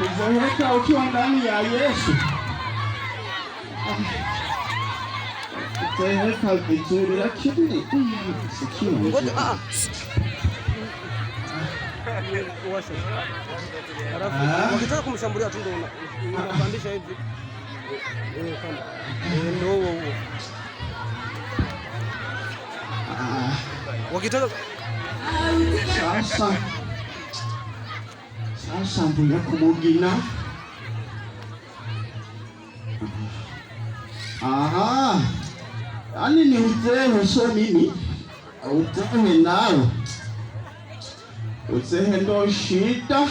Ukizeeka ukiwa ndani ya Yesu utazeeka vizuri, lakini wakitaka ah. ah. kumshambulia tu unapandisha hivi ah. wakitaka shambuye kumugina aha yani ni uzehe sho mimi uzehe nayo uzehe ndo shida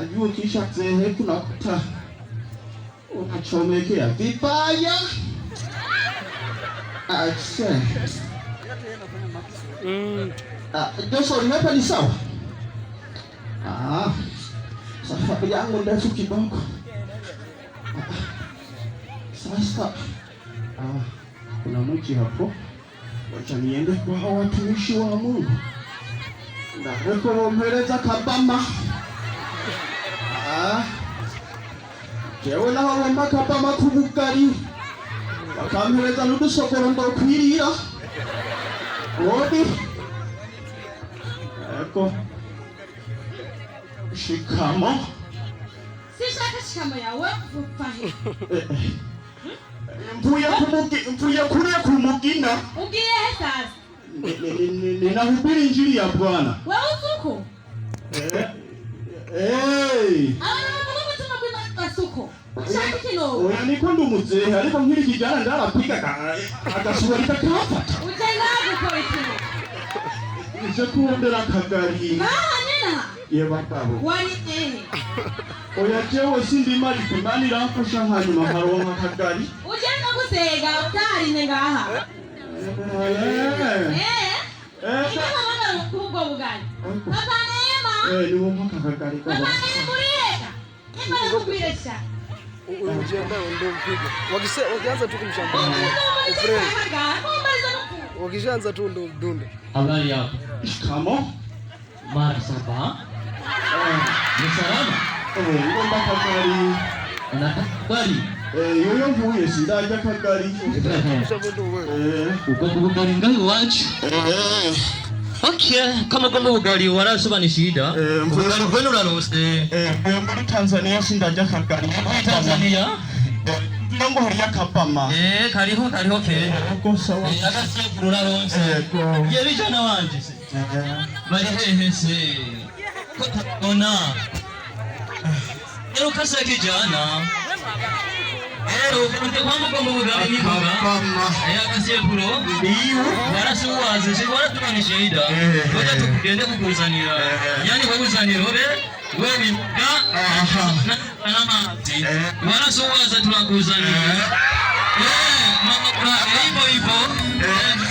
ajua kisha zehe kunakuta unachomekea vibaya Achei. Mm. Ah, Joshua nimepa ni sawa? Ah. Safari yangu ndefu kidogo. Sasa ah, kuna mwichi hapo. Wacha niende kwa hao watumishi wa Mungu. Ah, na huko wameleza Jewe na wamba kabamba kubukari. Bakamhereza nudusokoro ndokwirira. Kodi yako. Shikamo. Sishaka shikamo ya wewe pahe. Mpuya kumugi, mpuya kule kumugina. Ugiye sasa. Ninahubiri injili ya Bwana. Wewe niko ndumuze ariko nkiri kijana ndarapiga agasura kakafata ije kundera kagari ye bagabo wari eh oya jewe sindi mali kimani ramfasha hanyuma nkaronka kagari uje no gusega ngaha eh eh eh kubwo bugani papa neema eh ni wo mpaka kagari kwa papa neema uriye niba kubiresha njia nao ndio mpigo. Wakianza tu kumshambulia Ukraine, wakishaanza tu ndio mdundo. Habari yako? Shikamo. Marhaba. Ni salama. Uko eh, mpaka kali. Unakubali? Eh, yoyo huyu sindaje kakali. Eh, uko kukali ngai wachi. Eh. eh. Okay, kama kwamba ugali warasobanishida eh, ugali kwenu urarose eh. eh, muri Tanzania sindarya akagari muri Tanzania ngo hariyo akapama eh kariho kariho ke agasekuru uraronse yebijana wanje se bari hehe se ko tabona rero kasakijana Akasepulo warasuwazishe waratubana shaida waja tukugende kukusanira yani kukusanira obe webika n'amazi warasuwaza turakusanira mama kurabe ipo ipo